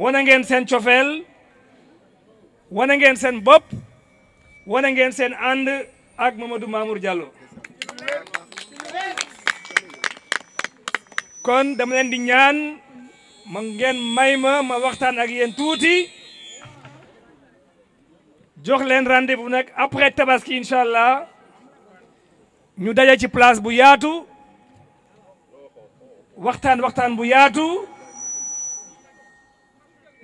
wone ngeen seen cofeel wone ngeen seen bopp wone ngeen seen ànd ak Mamadou Mamour Diallo kon dama leen di ñaan ma ngeen may ma ma waxtaan ak yéen tuuti jox leen rendez-vous nag après tabaski allah ñu daje ci place bu yaatu waxtaan waxtaan bu yaatu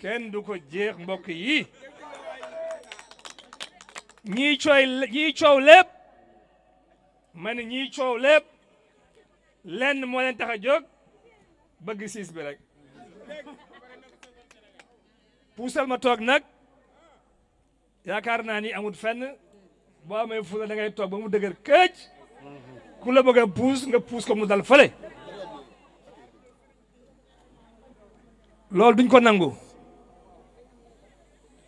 kenn du ko jeex mbokk yi ñii cooy coow lépp ma ne ñii coow lépp lenn moo leen tax a jóg bëgg siis bi rek puusal ma toog nag yaakaar naa ni amut fenn boo amee fula da ngay toog ba mu dëgër këcc ku la bëgg a puus nga puus ko mu dal fale loolu duñ ko nangu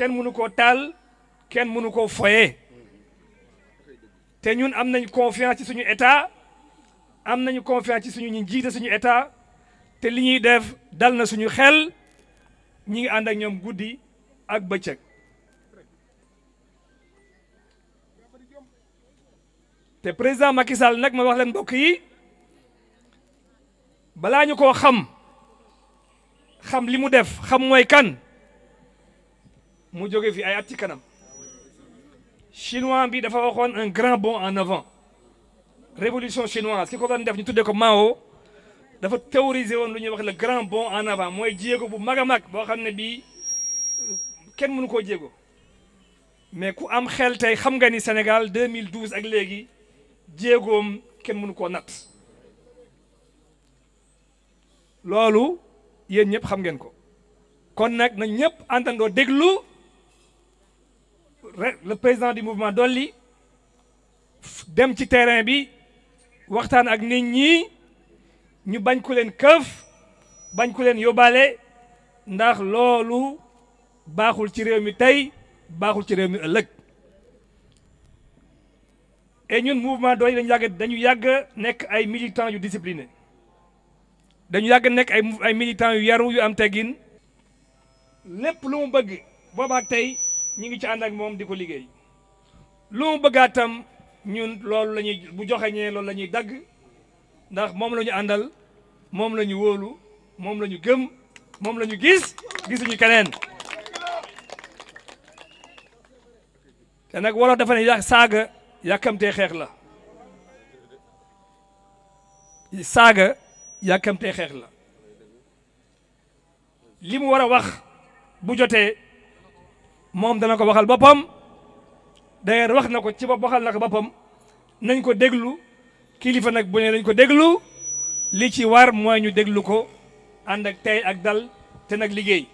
kenn mënu koo taal kenn mënu koo foye te ñun am nañ confiance suñu état am nañu confiance ci suñu ñu jiite suñu état te li ñuy def dal na suñu xel ñi ngi ànd ak ñoom guddi ak bëccëg te président Macky Sall nag ma wax leen mbokk yi balaa ñu koo xam xam li mu def xam mooy kan mu jóge fi ay atti kanam chinois bi dafa waxone un grand bond en avant révolution chinoise ki ko doon def ñu tuddee ko Mao dafa théoriser won lu ñu wax le grand bond en avant moy djégo bu mag bo xamné bi ken mënu ko djégo mais ku am xel tay xam nga ni Sénégal 2012 ak légui djégom ken mënu ko nat lolu yeen ñëpp xam ngeen ko kon nak na ñëpp àndandoo déglu le président du mouvement dolli dem ci terrain bi waxtaan ak nit ñi ñu bañ ku leen keuf bañ ku leen yobale ndax loolu baaxul ci réew mi tey baaxul ci réew mi ëllëg et ñun mouvement doole dañu yàgg dañu yàgg nekk ay militants yu discipliné dañu yàgg nekk ay ay militants yu yaru yu am teggin lépp lu mu bëgg boobaak tey ñu ngi ci ànd ak moom di ko liggéey lu mu bëggaatam ñun loolu la ñuy bu joxeñee loolu la ñuy dagg ndax moom la ñu àndal moom la ñu wóolu moom lañu gëm moom lañu ñu gis gisuñu keneen te nag wolof dafa ne yàq saaga yàkkamtee xeex la saaga yàkkamtee xeex la li mu war a wax bu jotee moom dana ko waxal boppam d'ailleurs wax na ko ci bopp waxal na ko boppam nañ ko déglu kilifa nag bu nañ ko déglu li ci war mooy ñu déglu ko ànd ak tey ak dal te nag liggéey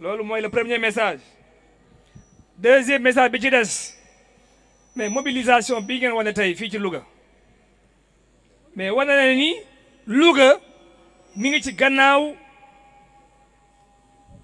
loolu mooy le premier message deuxième message bi ci des mais mobilisation bi ngeen wane tey fii ci Louga mais wane na ni Louga mi ngi ci gannaaw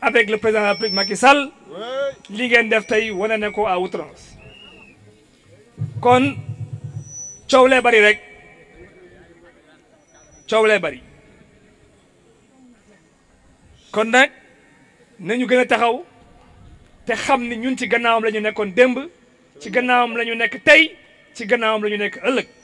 avec le président de la République Macky Sall li ngeen def tey wane ne ko à outrance kon coow lee bari rek coow lee bari kon nag nañu gën a taxaw te xam ni ñun ci gannaawam lañu nekkoon démb ci gannaawam la nekk tey ci gannaawam la ñu nekk ëllëg